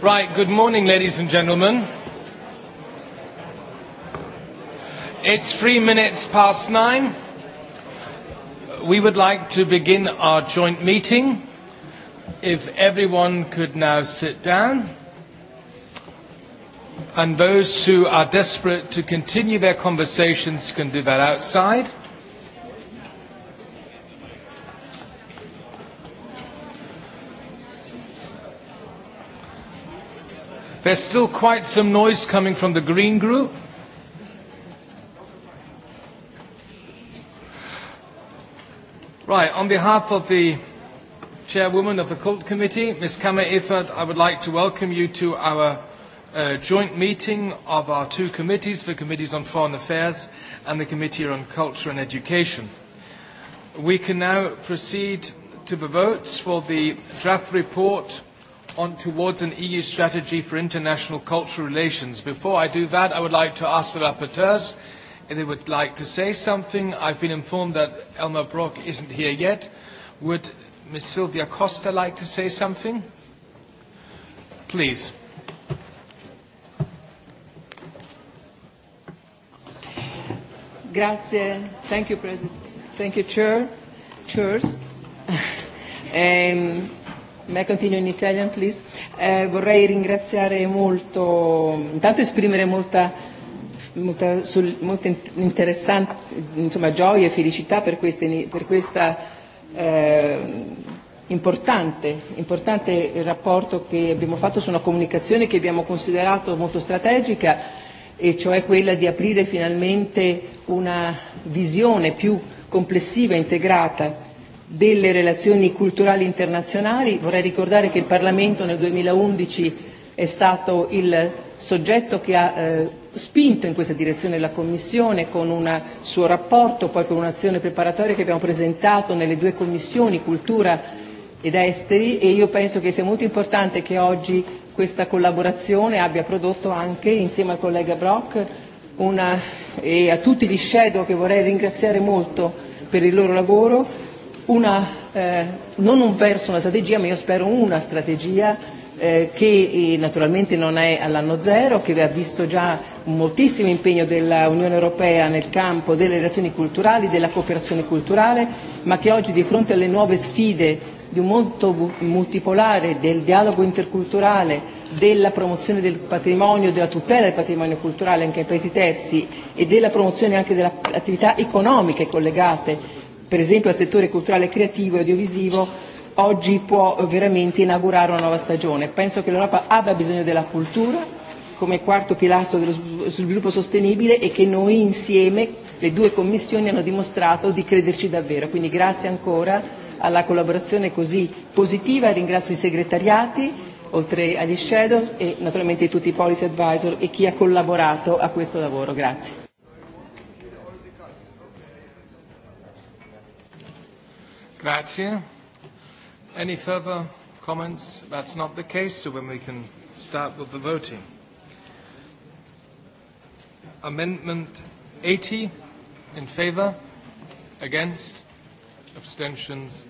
Right, good morning, ladies and gentlemen. It's three minutes past nine. We would like to begin our joint meeting. If everyone could now sit down, and those who are desperate to continue their conversations can do that outside. There's still quite some noise coming from the Green Group. Right, on behalf of the Chairwoman of the Cult Committee, Ms. Kama Ifat, I would like to welcome you to our uh, joint meeting of our two committees, the Committees on Foreign Affairs and the Committee on Culture and Education. We can now proceed to the votes for the draft report on towards an EU strategy for international cultural relations. Before I do that, I would like to ask the rapporteurs if they would like to say something. I've been informed that Elmar Brock isn't here yet. Would Ms. Silvia Costa like to say something? Please. Grazie. Thank you, President. Thank you, Chair. Chairs. um, May I continue in Italian, please? Eh, vorrei ringraziare molto, intanto esprimere molta, molta, sul, molta interessante insomma, gioia e felicità per, queste, per questa eh, importante, importante rapporto che abbiamo fatto su una comunicazione che abbiamo considerato molto strategica e cioè quella di aprire finalmente una visione più complessiva e integrata delle relazioni culturali internazionali. Vorrei ricordare che il Parlamento nel 2011 è stato il soggetto che ha eh, spinto in questa direzione la Commissione con un suo rapporto, poi con un'azione preparatoria che abbiamo presentato nelle due commissioni, cultura ed esteri, e io penso che sia molto importante che oggi questa collaborazione abbia prodotto anche, insieme al collega Brock una, e a tutti gli shadow che vorrei ringraziare molto per il loro lavoro, una, eh, non un verso una strategia, ma io spero una strategia eh, che eh, naturalmente non è all'anno zero, che ha visto già un moltissimo impegno dell'Unione Europea nel campo delle relazioni culturali, della cooperazione culturale, ma che oggi di fronte alle nuove sfide di un mondo multipolare, del dialogo interculturale, della promozione del patrimonio, della tutela del patrimonio culturale anche ai paesi terzi e della promozione anche delle attività economiche collegate per esempio al settore culturale creativo e audiovisivo oggi può veramente inaugurare una nuova stagione. Penso che l'Europa abbia bisogno della cultura come quarto pilastro dello sviluppo sostenibile e che noi insieme, le due commissioni, hanno dimostrato di crederci davvero. Quindi grazie ancora alla collaborazione così positiva, ringrazio i segretariati, oltre agli shadow e naturalmente tutti i policy advisor e chi ha collaborato a questo lavoro. Grazie. Grazie. Any further comments? That's not the case, so then we can start with the voting. Amendment 80 in favor, against, abstentions,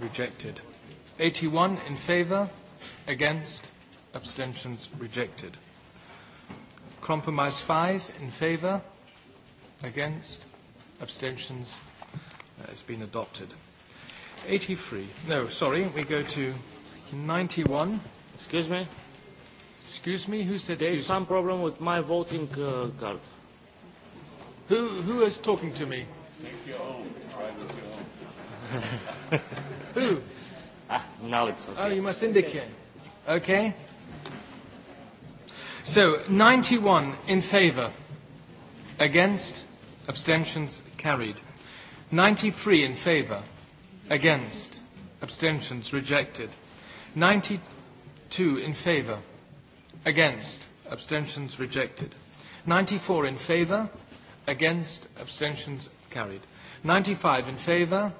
rejected. 81 in favor, against, abstentions, rejected. Compromise 5 in favor, against, abstentions, has been adopted. 83. No, sorry. We go to 91. Excuse me? Excuse me? Who said There is some me? problem with my voting uh, card. Who, who is talking to me? Take your own. Try with your own. who? Ah, now it's okay. Oh, you must indicate. Okay. So, 91 in favour. Against? Abstentions carried. 93 in favour Against. Abstentions rejected. 92 in favour. Against. Abstentions rejected. 94 in favour. Against. Abstentions carried. 95 in favour.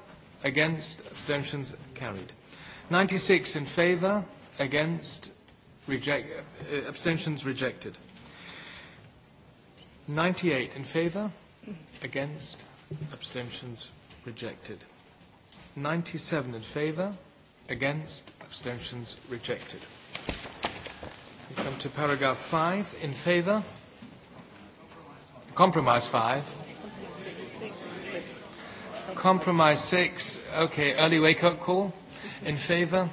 Against. Abstentions carried. 96 in favour. Against. Reject, uh, abstentions rejected. 98 in favour. Against. Abstentions rejected. 97 in favor, against, abstentions rejected. We come to paragraph five in favor, Compromise five, Compromise six. Okay, early wake up call. In favor,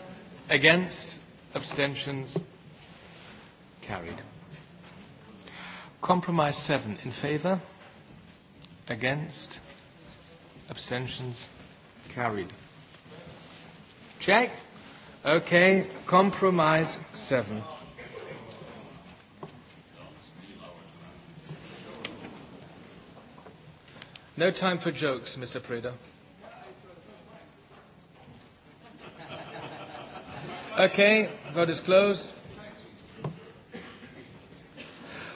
against, abstentions carried. Compromise seven in favor, against, abstentions Carried. Check. Okay. Compromise seven. No time for jokes, Mr. Preda. Okay, vote is closed.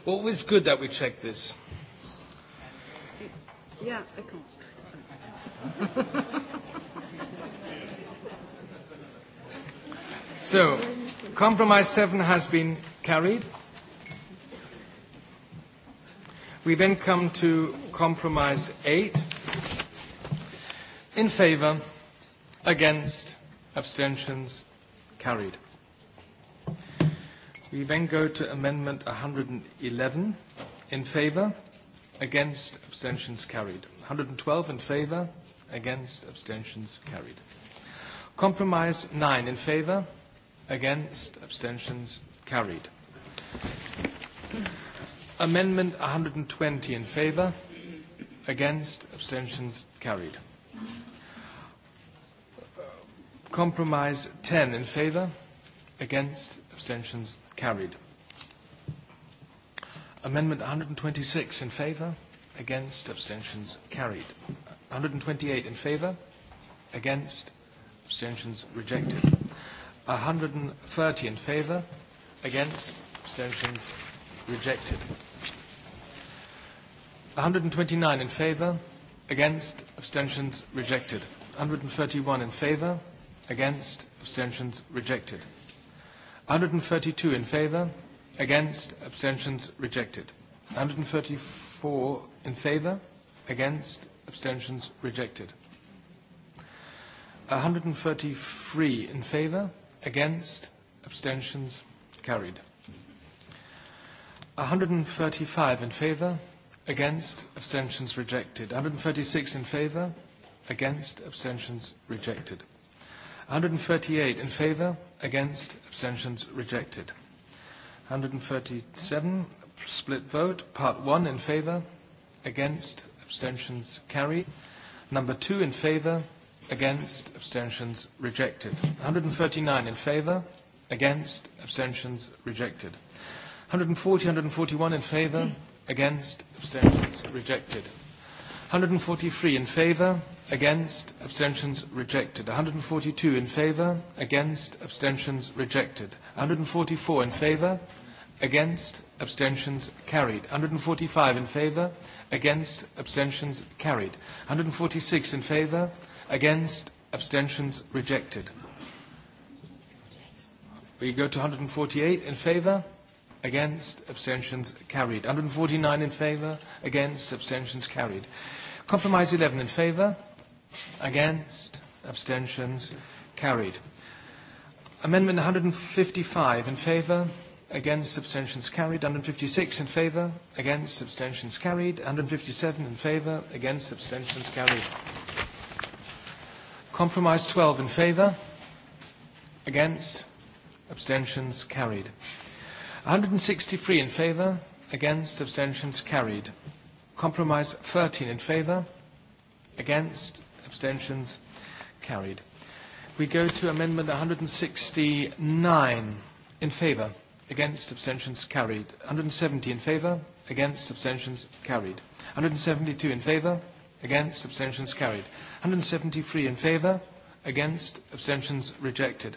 Well, it was good that we checked this. It's, yeah, I can't. So, compromise seven has been carried. We then come to compromise eight. In favor, against, abstentions, carried. We then go to amendment 111. In favor, against, abstentions, carried. 112 in favor, Against. Abstentions carried. Compromise 9 in favor. Against. Abstentions carried. Amendment 120 in favor. Against. Abstentions carried. Compromise 10 in favor. Against. Abstentions carried. Amendment 126 in favor. Against. Abstentions carried. 128 in favour, against, abstentions rejected. 130 in favour, against, abstentions rejected. 129 in favour, against, abstentions rejected. 131 in favour, against, abstentions rejected. 132 in favour, against, abstentions rejected. 134 in favour, against, abstentions rejected. 133 in favor, against, abstentions carried. 135 in favor, against, abstentions rejected. 136 in favor, against, abstentions rejected. 138 in favor, against, abstentions rejected. 137, split vote, part one in favor, against, abstentions carried. Number two in favor, against, abstentions rejected. 139 in favor, against, abstentions rejected. 140, 141 in favor, against, abstentions rejected. 143 in favor, against, abstentions rejected. 142 in favor, against, abstentions rejected. 144 in favor. Against? Abstentions carried. 145 in favor. Against? Abstentions carried. 146 in favor. Against? Abstentions rejected. We go to 148 in favor. Against? Abstentions carried. 149 in favor. Against? Abstentions carried. Compromise 11 in favor. Against? Abstentions carried. Amendment 155 in favor. Against, abstentions carried. 156 in favor. Against, abstentions carried. 157 in favor. Against, abstentions carried. Compromise 12 in favor. Against, abstentions carried. 163 in favor. Against, abstentions carried. Compromise 13 in favor. Against, abstentions carried. We go to amendment 169 in favor against, abstentions carried. 170 in favor against, abstentions carried. 172 in favor against, abstentions carried. 173 in favor against, abstentions rejected.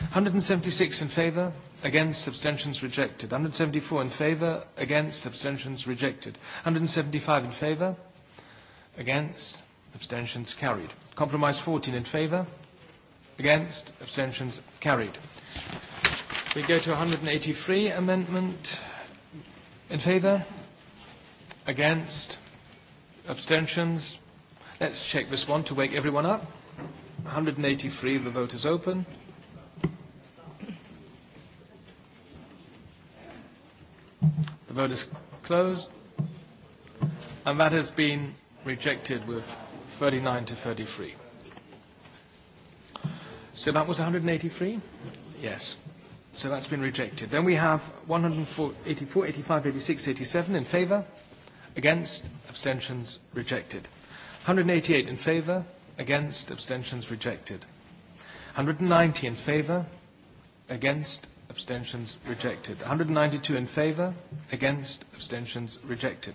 176 in favor against, abstentions rejected. 174 in favor against, abstentions rejected. 175 in favor against, abstentions carried. Compromise 14 in favor against, abstentions carried. We go to 183 amendment. In favour? Against? Abstentions? Let's check this one to wake everyone up. 183, the vote is open. The vote is closed. And that has been rejected with 39 to 33. So that was 183? Yes. yes. So that's been rejected. Then we have 184, 85, 86, 87 in favour. Against, abstentions rejected. 188 in favour. Against, abstentions rejected. 190 in favour. Against, abstentions rejected. 192 in favour. Against, abstentions rejected.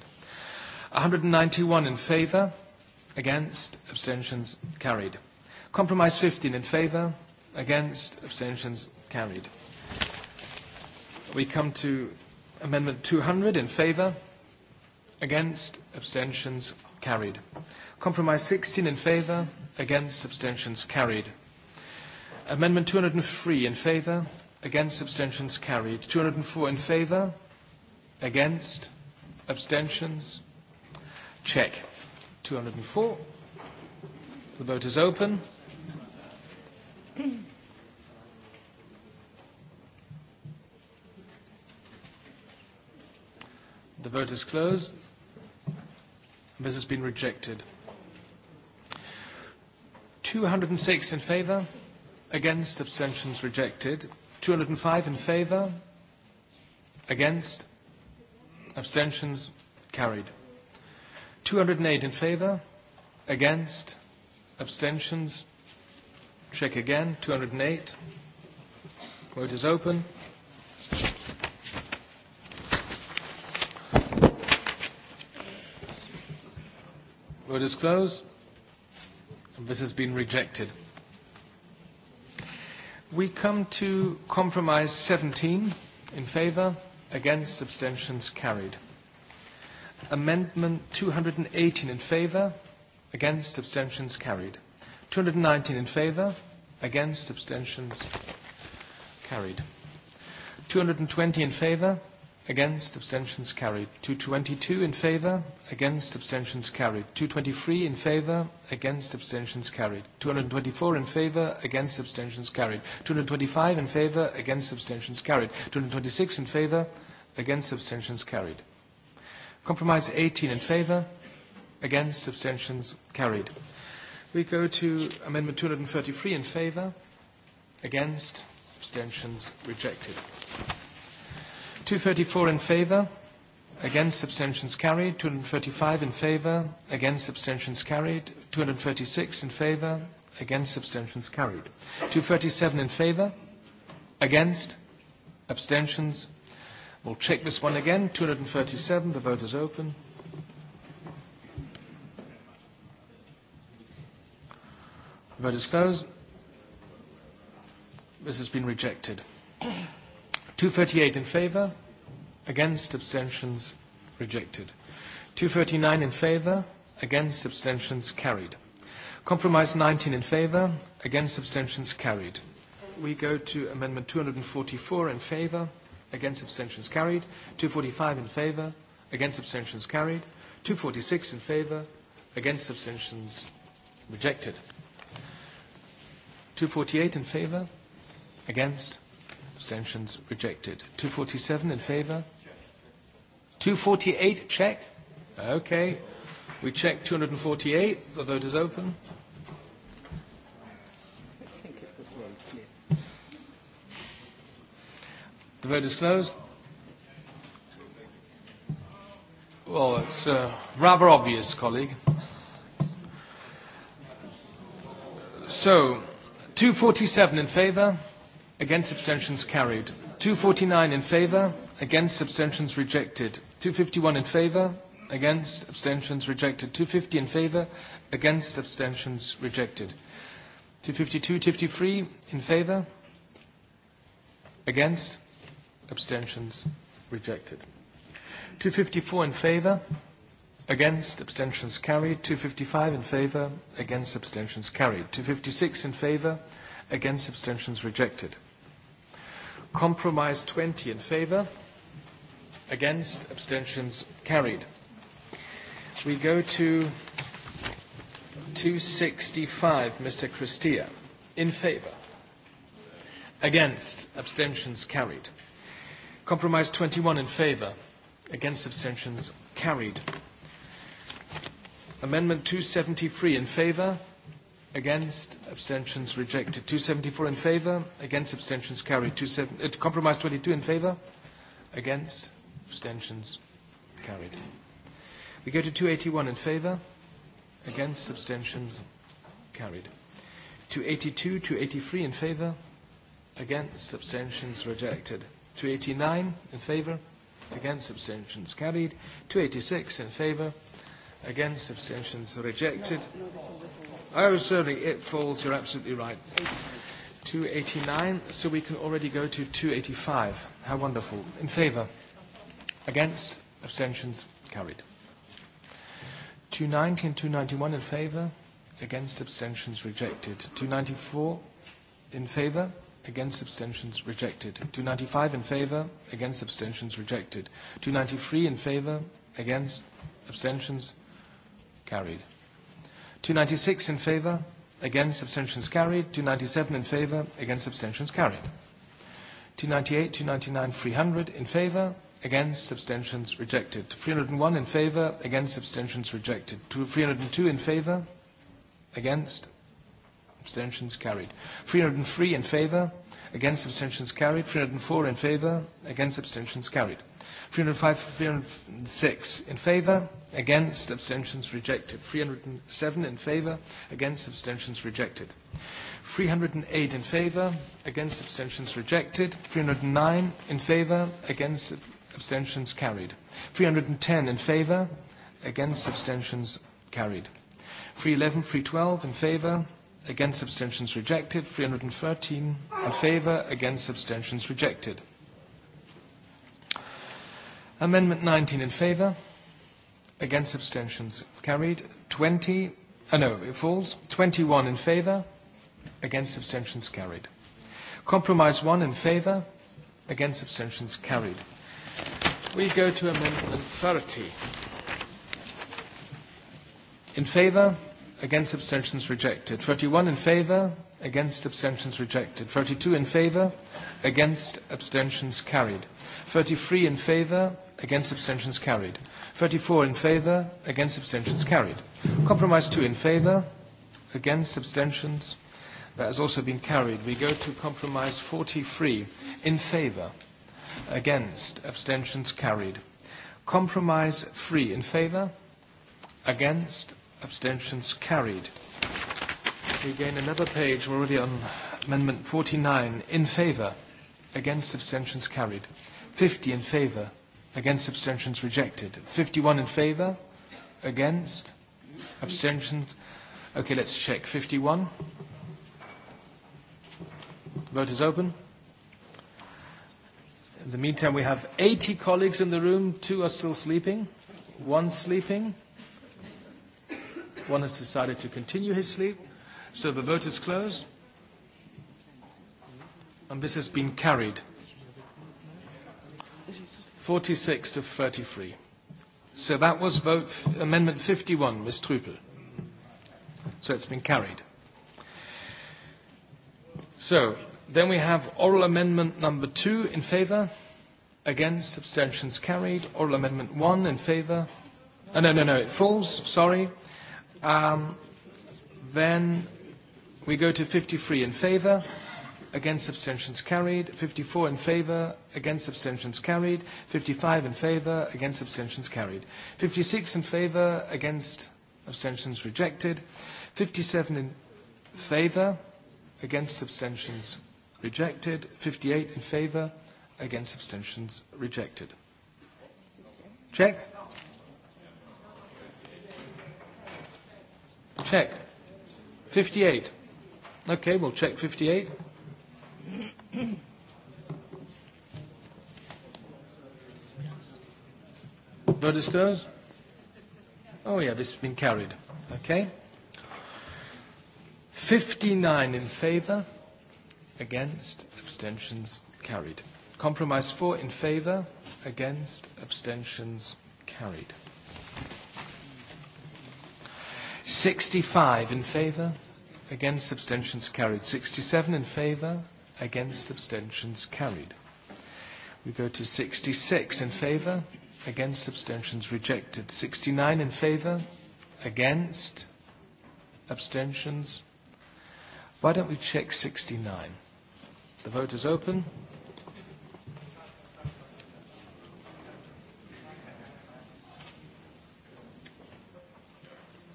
191 in favour. Against, abstentions carried. Compromise 15 in favour. Against, abstentions carried. We come to Amendment 200 in favour. Against. Abstentions carried. Compromise 16 in favour. Against. Abstentions carried. Amendment 203 in favour. Against. Abstentions carried. 204 in favour. Against. Abstentions. Check. 204. The vote is open. The vote is closed. This has been rejected. 206 in favor, Against. Abstentions rejected. 205 in favor, Against. Abstentions carried. 208 in favor, Against. Abstentions. Check again. 208. Vote is open. were disclosed, And this has been rejected. We come to compromise 17. In favor, against, abstentions carried. Amendment 218 in favor, against, abstentions carried. 219 in favor, against, abstentions carried. 220 in favor, Against, abstentions carried. 222 in favor. Against, abstentions carried. 223 in favor. Against, abstentions carried. 224 in favor. Against, abstentions carried. 225 in favor. Against, abstentions carried. 226 in favor. Against, abstentions carried. Compromise 18 in favor. Against, abstentions carried. We go to amendment 233 in favor. Against, abstentions rejected. 234 in favor, against abstentions carried. 235 in favor, against abstentions carried. 236 in favor, against abstentions carried. 237 in favor, against abstentions. We'll check this one again. 237, the vote is open. The vote is closed. This has been rejected. 238 in favor, against abstentions rejected. 239 in favor, against abstentions carried. Compromise 19 in favor, against abstentions carried. We go to amendment 244 in favor, against abstentions carried. 245 in favor, against abstentions carried. 246 in favor, against abstentions rejected. 248 in favor, against abstentions rejected. 247 in favour? 248 check? Okay. We check 248. The vote is open. The vote is closed. Well, it's uh, rather obvious, colleague. So, 247 in favour? Against abstentions carried. 249 in favour. Against abstentions rejected. 251 in favour. Against abstentions rejected. 250 in favour. Against abstentions rejected. 252, 53 in favour. Against abstentions rejected. 254 in favour. Against, abstentions carried. 255 in favour. Against, abstentions carried. 256 in favour against abstentions rejected. Compromise 20 in favor, against abstentions carried. We go to 265, Mr. Christia, in favor, against abstentions carried. Compromise 21 in favor, against abstentions carried. Amendment 273 in favor, Against, abstentions rejected. 274 in favor. Against, abstentions carried. seven, uh, compromise 22 in favor. Against, abstentions carried. We go to 281 in favor. Against, abstentions carried. 282, 283 in favor. Against, abstentions rejected. 289 in favor. Against, abstentions carried. 286 in favor. Against, abstentions rejected. No, no, Oh, sorry, it falls. You're absolutely right. 289, so we can already go to 285. How wonderful. In favor? Against? Abstentions? Carried. 290 and 291 in favor? Against? Abstentions? Rejected. 294 in favor? Against? Abstentions? Rejected. 295 in favor? Against? Abstentions? Rejected. 293 in favor? Against? Abstentions? Carried. 296 in favour, against abstentions carried. 297 in favour, against abstentions carried. 298, 299, 300 in favour, against abstentions rejected. 301 in favour, against abstentions rejected. 302 in favour, against Abstentions carried. 303 in favor. Against abstentions carried. 304 in favor. Against abstentions carried. 305, 306 in favor. Against abstentions rejected. 307 in favor. Against abstentions rejected. 308 in favor. Against abstentions rejected. 309 in favor. Against abstentions carried. 310 in favor. Against abstentions carried. 311, 312 in favor against abstentions rejected 313 in favor against abstentions rejected amendment 19 in favor against abstentions carried 20 uh, no it falls 21 in favor against abstentions carried compromise 1 in favor against abstentions carried we go to amendment 30 in favor against abstentions rejected. 31 in favour, against abstentions rejected. 32 in favour, against abstentions carried. 33 in favour, against abstentions carried. 34 in favour, against abstentions carried. Compromise 2 in favour, against abstentions. That has also been carried. We go to compromise 43 in favour, against abstentions carried. Compromise 3 in favour, against abstentions carried. We gain another page. We're already on amendment 49. In favour. Against abstentions carried. 50 in favour. Against abstentions rejected. 51 in favour. Against abstentions. Okay, let's check. 51. Vote is open. In the meantime, we have 80 colleagues in the room. Two are still sleeping. One sleeping. One has decided to continue his sleep. So the vote is closed. And this has been carried. 46 to 33. So that was vote amendment 51, Ms. Trupel. So it's been carried. So then we have oral amendment number two in favor. Against, abstentions carried. Oral amendment one in favor. Oh, no, no, no, it falls. Sorry. Um, then we go to 53 in favour, against abstentions carried. 54 in favour, against abstentions carried. 55 in favour, against abstentions carried. 56 in favour, against abstentions rejected. 57 in favour, against abstentions rejected. 58 in favour, against abstentions rejected. Check. Check. 58. Okay, we'll check 58. Registers? Oh, yeah, this has been carried. Okay. 59 in favor, against, abstentions carried. Compromise 4 in favor, against, abstentions carried. 65 in favour, against abstentions carried. 67 in favour, against abstentions carried. We go to 66 in favour, against abstentions rejected. 69 in favour, against abstentions. Why don't we check 69? The vote is open.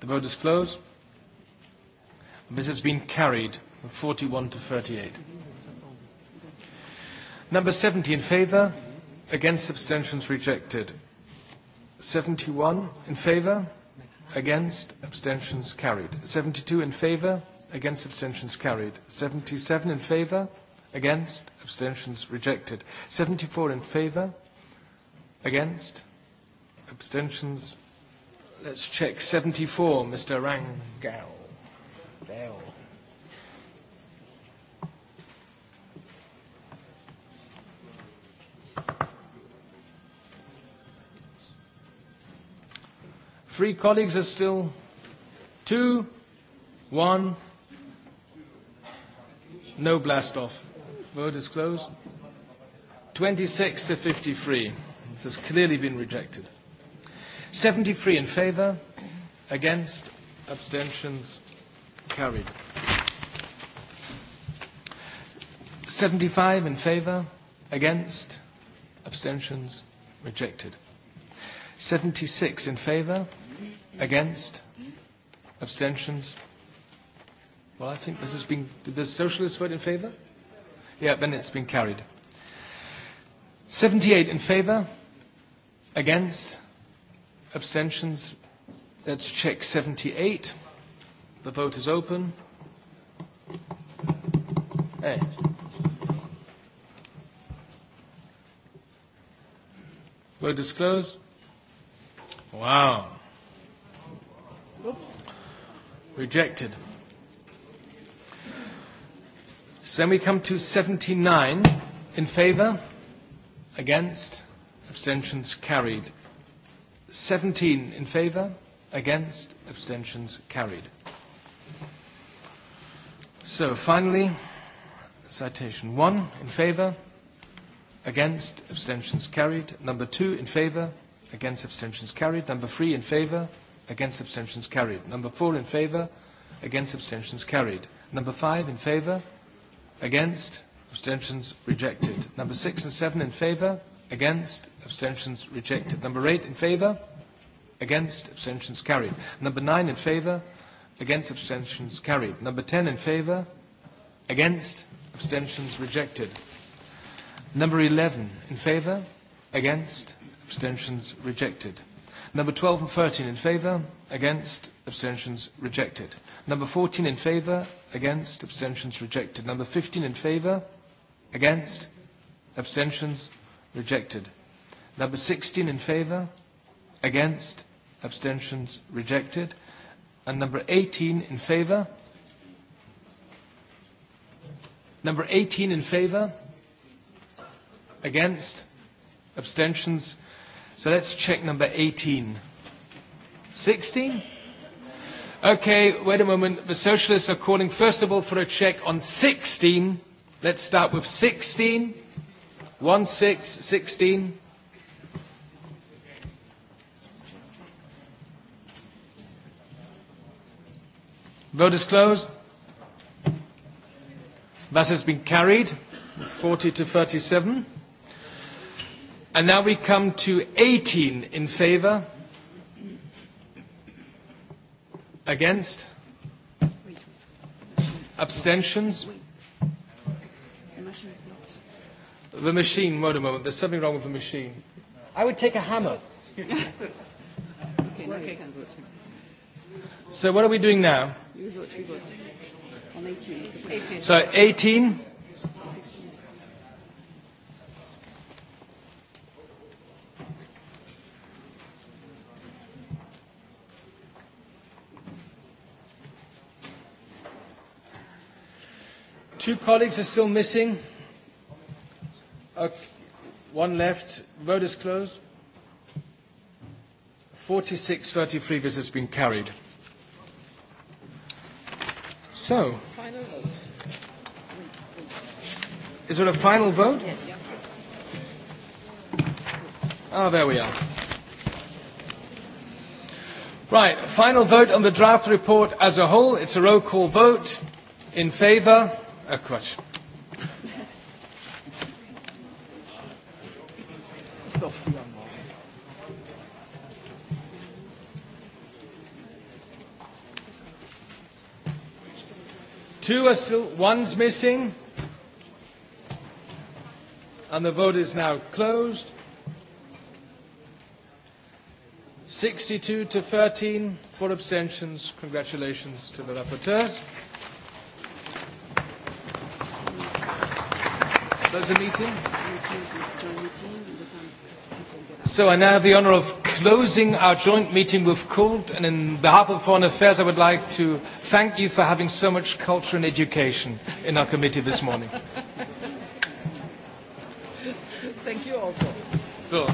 vote is closed. This has been carried, 41 to 38. Number 70 in favour, against abstentions rejected. 71 in favour, against abstentions carried. 72 in favour, against abstentions carried. 77 in favour, against abstentions rejected. 74 in favour, against abstentions rejected Let's check 74, Mr. Rangel. Three colleagues are still. Two, one. No blast off. Vote is closed. 26 to 53. This has clearly been rejected. 73 in favor, against, abstentions, carried. 75 in favor, against, abstentions, rejected. 76 in favor, against, abstentions. Well, I think this has been, did the socialists vote in favor? Yeah, then it's been carried. 78 in favor, against, Abstentions? Let's check 78. The vote is open. Hey. Vote is closed. Wow. Oops. Rejected. So then we come to 79. In favor? Against? Abstentions carried. 17 in favour, against, abstentions carried. So finally, citation 1 in favour, against, abstentions carried. Number 2 in favour, against, abstentions carried. Number 3 in favour, against, abstentions carried. Number 4 in favour, against, abstentions carried. Number 5 in favour, against, abstentions rejected. Number 6 and 7 in favour, Against? Abstentions rejected. Number eight in favour? Against? Abstentions carried. Number nine in favour? Against? Abstentions carried. Number ten in favour? Against? Abstentions rejected. Number eleven, in favour? Against? Abstentions rejected. Number 12 and 13 in favour? Against? Abstentions rejected. Number 14 in favour? Against? Abstentions rejected. Number 15 in favour? Against? Abstentions Rejected. Number 16 in favour. Against. Abstentions. Rejected. And number 18 in favour. Number 18 in favour. Against. Abstentions. So let's check number 18. 16? Okay, wait a moment. The socialists are calling, first of all, for a check on 16. Let's start with 16. 16. One six sixteen. Vote is closed. That has been carried, 40 to 37. And now we come to 18 in favour. Against? Abstentions? The machine, wait a moment. There's something wrong with the machine. I would take a hammer. So what are we doing now? So 18. Two colleagues are still missing. One left. Vote is closed. 46-33, this has been carried. So. Final vote. Is there a final vote? Yes. Ah, there we are. Right. Final vote on the draft report as a whole. It's a roll call vote. In favor? A question. Two are still, one's missing. And the vote is now closed. 62 to 13, four abstentions. Congratulations to the rapporteurs. There's a meeting. So I now have the honor of closing our joint meeting with Kult, and in behalf of Foreign Affairs, I would like to thank you for having so much culture and education in our committee this morning. thank you also. So.